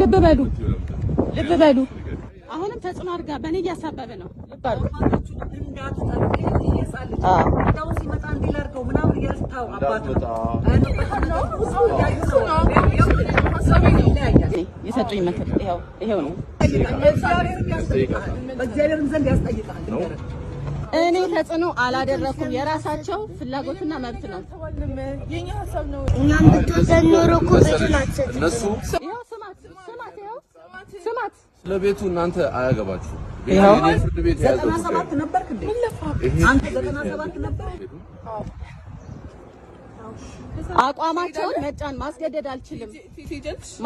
ልብ በሉ፣ ልብ በሉ። አሁንም ተጽዕኖ አድርጋ በእኔ እያሳበበ ነው። የሰጡኝ ምክር ይኸው ነው። እኔ ተጽዕኖ አላደረኩም። የራሳቸው ፍላጎትና መብት ነው። ለቤቱ እናንተ አያገባችሁ። ፍርድ ቤት ዘጠና ሰባት አቋማቸውን መጫን ማስገደድ አልችልም፣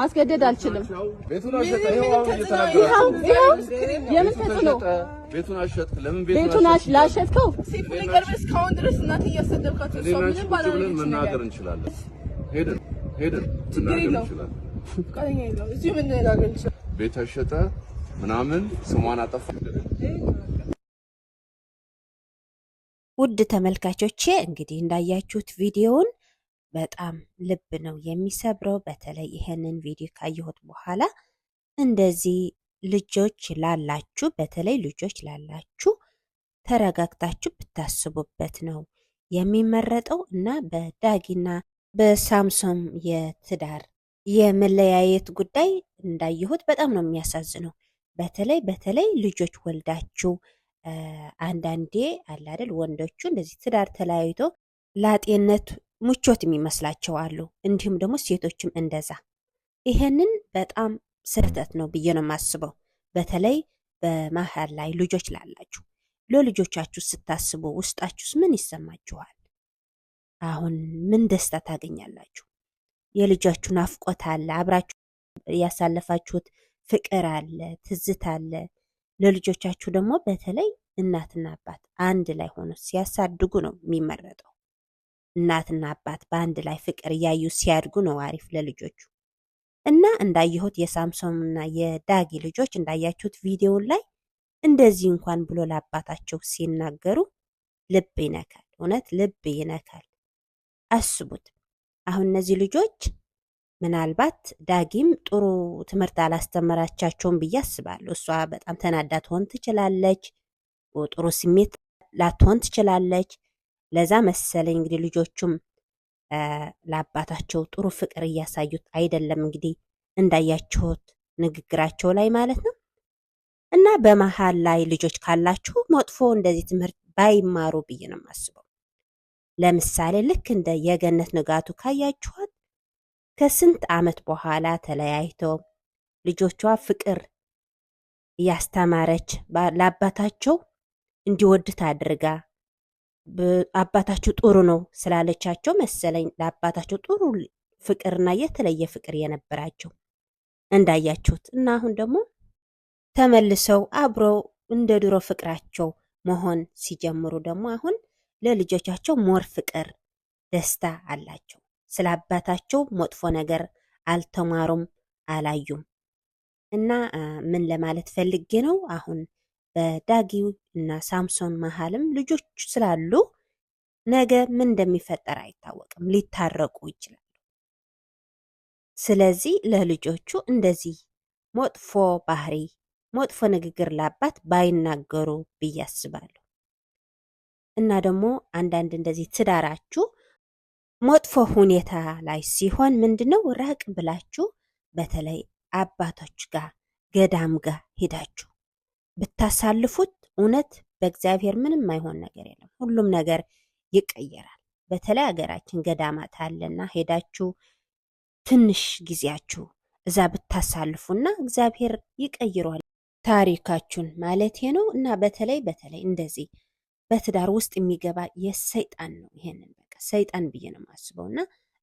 ማስገደድ አልችልም። ቤቱን አሸጥክ፣ የምን ቤቱን አሸጥክ? ላሸጥከው? እስካሁን ድረስ እናት እያሰደብካቸው ብለን መናገር እንችላለን። ሄደን ሄደን መናገር እንችላለን። ቤት ተሸጠ ምናምን ስሟን አጠፋ። ውድ ተመልካቾቼ እንግዲህ እንዳያችሁት ቪዲዮውን በጣም ልብ ነው የሚሰብረው። በተለይ ይሄንን ቪዲዮ ካየሁት በኋላ እንደዚህ ልጆች ላላችሁ፣ በተለይ ልጆች ላላችሁ ተረጋግታችሁ ብታስቡበት ነው የሚመረጠው እና በዳጊና በሳምሶም የትዳር የመለያየት ጉዳይ እንዳየሁት በጣም ነው የሚያሳዝነው። በተለይ በተለይ ልጆች ወልዳችሁ አንዳንዴ አላደል ወንዶቹ እንደዚህ ትዳር ተለያይቶ ላጤነት ምቾት የሚመስላቸው አሉ። እንዲሁም ደግሞ ሴቶችም እንደዛ። ይሄንን በጣም ስህተት ነው ብዬ ነው የማስበው። በተለይ በመሀል ላይ ልጆች ላላችሁ ለልጆቻችሁ ስታስቡ ውስጣችሁስ ምን ይሰማችኋል? አሁን ምን ደስታ ታገኛላችሁ? የልጃችሁ ናፍቆት አለ፣ አብራችሁ ያሳለፋችሁት ፍቅር አለ፣ ትዝት አለ። ለልጆቻችሁ ደግሞ በተለይ እናትና አባት አንድ ላይ ሆኖ ሲያሳድጉ ነው የሚመረጠው። እናትና አባት በአንድ ላይ ፍቅር እያዩ ሲያድጉ ነው አሪፍ ለልጆቹ። እና እንዳየሁት የሳምሶንና የዳጊ ልጆች እንዳያችሁት ቪዲዮን ላይ እንደዚህ እንኳን ብሎ ለአባታቸው ሲናገሩ ልብ ይነካል። እውነት ልብ ይነካል። አስቡት አሁን እነዚህ ልጆች ምናልባት ዳጊም ጥሩ ትምህርት አላስተመራቻቸውም ብዬ አስባለሁ። እሷ በጣም ተናዳ ትሆን ትችላለች። ጥሩ ስሜት ላትሆን ትችላለች። ለዛ መሰለኝ እንግዲህ ልጆቹም ለአባታቸው ጥሩ ፍቅር እያሳዩት አይደለም። እንግዲህ እንዳያችሁት ንግግራቸው ላይ ማለት ነው። እና በመሀል ላይ ልጆች ካላችሁ መጥፎ እንደዚህ ትምህርት ባይማሩ ብዬ ነው የማስበው። ለምሳሌ ልክ እንደ የገነት ንጋቱ ካያችኋት ከስንት ዓመት በኋላ ተለያይተው ልጆቿ ፍቅር እያስተማረች ለአባታቸው እንዲወድ ታድርጋ አባታቸው ጥሩ ነው ስላለቻቸው መሰለኝ ለአባታቸው ጥሩ ፍቅርና የተለየ ፍቅር የነበራቸው እንዳያችሁት እና አሁን ደግሞ ተመልሰው አብረው እንደ ድሮ ፍቅራቸው መሆን ሲጀምሩ ደግሞ አሁን ለልጆቻቸው ሞር ፍቅር፣ ደስታ አላቸው። ስለ አባታቸው መጥፎ ነገር አልተማሩም፣ አላዩም። እና ምን ለማለት ፈልጌ ነው አሁን በዳጊው እና ሳምሶን መሀልም ልጆች ስላሉ ነገ ምን እንደሚፈጠር አይታወቅም፣ ሊታረቁ ይችላሉ። ስለዚህ ለልጆቹ እንደዚህ መጥፎ ባህሪ፣ መጥፎ ንግግር ለአባት ባይናገሩ ብዬ አስባለሁ። እና ደግሞ አንዳንድ እንደዚህ ትዳራችሁ መጥፎ ሁኔታ ላይ ሲሆን ምንድነው ራቅ ብላችሁ በተለይ አባቶች ጋር ገዳም ጋር ሄዳችሁ ብታሳልፉት እውነት በእግዚአብሔር ምንም አይሆን ነገር የለም። ሁሉም ነገር ይቀየራል። በተለይ ሀገራችን ገዳማት አለና ሄዳችሁ ትንሽ ጊዜያችሁ እዛ ብታሳልፉና እግዚአብሔር ይቀይሯል ታሪካችሁን ማለት ነው እና በተለይ በተለይ እንደዚህ በትዳር ውስጥ የሚገባ የሰይጣን ነው። ይሄንን በቃ ሰይጣን ብዬ ነው የማስበው እና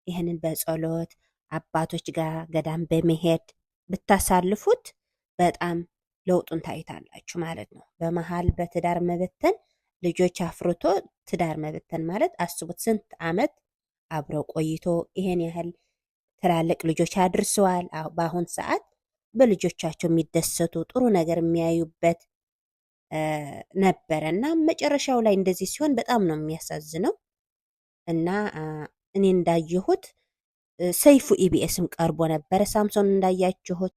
ይሄንን በጸሎት አባቶች ጋር ገዳም በመሄድ ብታሳልፉት በጣም ለውጡን ታይታላችሁ ማለት ነው። በመሀል በትዳር መበተን ልጆች አፍርቶ ትዳር መበተን ማለት አስቡት፣ ስንት አመት አብረው ቆይቶ ይሄን ያህል ትላልቅ ልጆች አድርሰዋል። በአሁን ሰዓት በልጆቻቸው የሚደሰቱ ጥሩ ነገር የሚያዩበት ነበረ እና መጨረሻው ላይ እንደዚህ ሲሆን በጣም ነው የሚያሳዝነው። እና እኔ እንዳየሁት ሰይፉ ኢቢኤስም ቀርቦ ነበረ። ሳምሶን እንዳያችሁት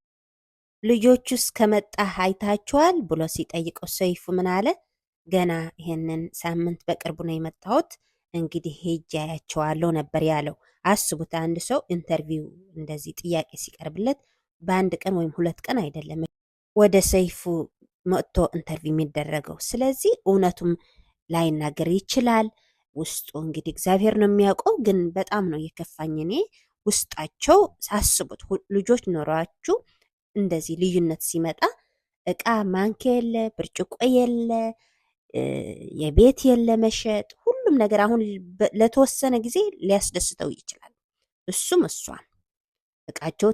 ልጆቹ እስከመጣ አይታችኋል ብሎ ሲጠይቀው ሰይፉ ምን አለ? ገና ይሄንን ሳምንት በቅርቡ ነው የመጣሁት እንግዲህ ሄጄ አያቸዋለሁ ነበር ያለው። አስቡት አንድ ሰው ኢንተርቪው እንደዚህ ጥያቄ ሲቀርብለት በአንድ ቀን ወይም ሁለት ቀን አይደለም ወደ ሰይፉ መጥቶ ኢንተርቪው የሚደረገው። ስለዚህ እውነቱም ላይናገር ይችላል። ውስጡ እንግዲህ እግዚአብሔር ነው የሚያውቀው። ግን በጣም ነው የከፋኝ እኔ ውስጣቸው ሳስቡት ልጆች ኖሯችሁ እንደዚህ ልዩነት ሲመጣ እቃ ማንኪያ የለ፣ ብርጭቆ የለ፣ የቤት የለ መሸጥ ሁሉም ነገር አሁን ለተወሰነ ጊዜ ሊያስደስተው ይችላል። እሱም እሷን እቃቸው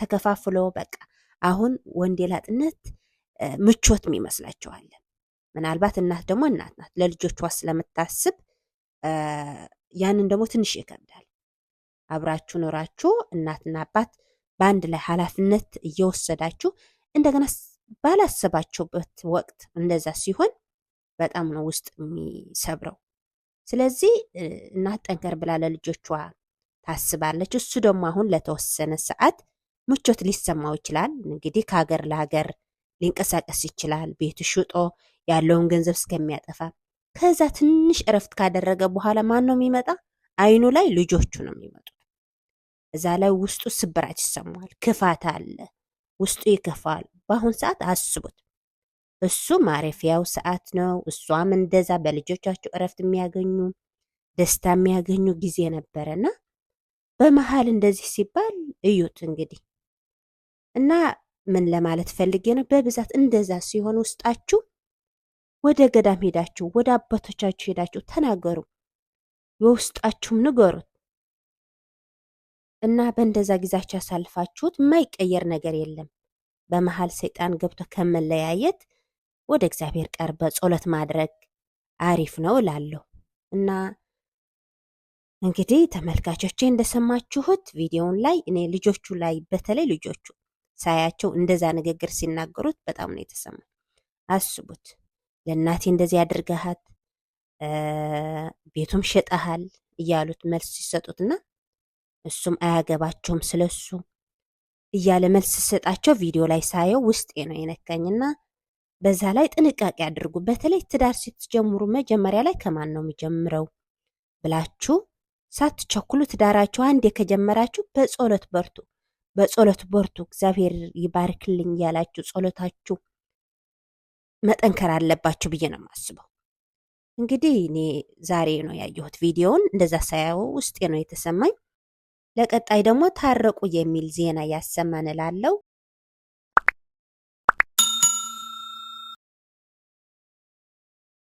ተከፋፍሎ በቃ አሁን ወንድ የላጥነት ምቾት የሚመስላቸዋለን። ምናልባት እናት ደግሞ እናት ናት፣ ለልጆቿ ስለምታስብ ያንን ደግሞ ትንሽ ይከብዳል። አብራችሁ ኖራችሁ እናትና አባት በአንድ ላይ ኃላፊነት እየወሰዳችሁ እንደገና ባላሰባችሁበት ወቅት እንደዛ ሲሆን በጣም ነው ውስጥ የሚሰብረው። ስለዚህ እናት ጠንከር ብላ ለልጆቿ ታስባለች። እሱ ደግሞ አሁን ለተወሰነ ሰዓት ምቾት ሊሰማው ይችላል። እንግዲህ ከሀገር ለሀገር ሊንቀሳቀስ ይችላል። ቤት ሽጦ ያለውን ገንዘብ እስከሚያጠፋ። ከዛ ትንሽ እረፍት ካደረገ በኋላ ማን ነው የሚመጣ? አይኑ ላይ ልጆቹ ነው የሚመጡት። እዛ ላይ ውስጡ ስብራት ይሰማዋል፣ ክፋት አለ፣ ውስጡ ይከፋል። በአሁን ሰዓት አስቡት፣ እሱ ማረፊያው ሰዓት ነው። እሷም እንደዛ በልጆቻቸው እረፍት የሚያገኙ ደስታ የሚያገኙ ጊዜ ነበረና በመሀል እንደዚህ ሲባል እዩት እንግዲህ እና ምን ለማለት ፈልጌ ነው? በብዛት እንደዛ ሲሆን ውስጣችሁ ወደ ገዳም ሄዳችሁ ወደ አባቶቻችሁ ሄዳችሁ ተናገሩ፣ የውስጣችሁም ንገሩት እና በእንደዛ ጊዜያችሁ ያሳልፋችሁት የማይቀየር ነገር የለም። በመሀል ሰይጣን ገብቶ ከመለያየት ወደ እግዚአብሔር ቀርበ ጸሎት ማድረግ አሪፍ ነው እላለሁ እና እንግዲህ ተመልካቾቼ እንደሰማችሁት ቪዲዮውን ላይ እኔ ልጆቹ ላይ በተለይ ልጆቹ ሳያቸው እንደዛ ንግግር ሲናገሩት በጣም ነው የተሰማኝ። አስቡት ለእናቴ እንደዚህ አድርገሃት ቤቱም ሸጠሃል እያሉት መልስ ሲሰጡትና እሱም አያገባቸውም ስለሱ እያለ መልስ ሲሰጣቸው ቪዲዮ ላይ ሳየው ውስጤ ነው የነካኝና በዛ ላይ ጥንቃቄ አድርጉ። በተለይ ትዳር ስትጀምሩ መጀመሪያ ላይ ከማን ነው የሚጀምረው ብላችሁ ሳትቸኩሉ ትዳራችሁ አንዴ ከጀመራችሁ በጸሎት በርቱ። በጸሎት በርቱ፣ እግዚአብሔር ይባርክልኝ ያላችሁ ጸሎታችሁ መጠንከር አለባችሁ ብዬ ነው የማስበው። እንግዲህ እኔ ዛሬ ነው ያየሁት ቪዲዮውን፣ እንደዛ ሳያው ውስጤ ነው የተሰማኝ። ለቀጣይ ደግሞ ታረቁ የሚል ዜና ያሰማን እላለሁ።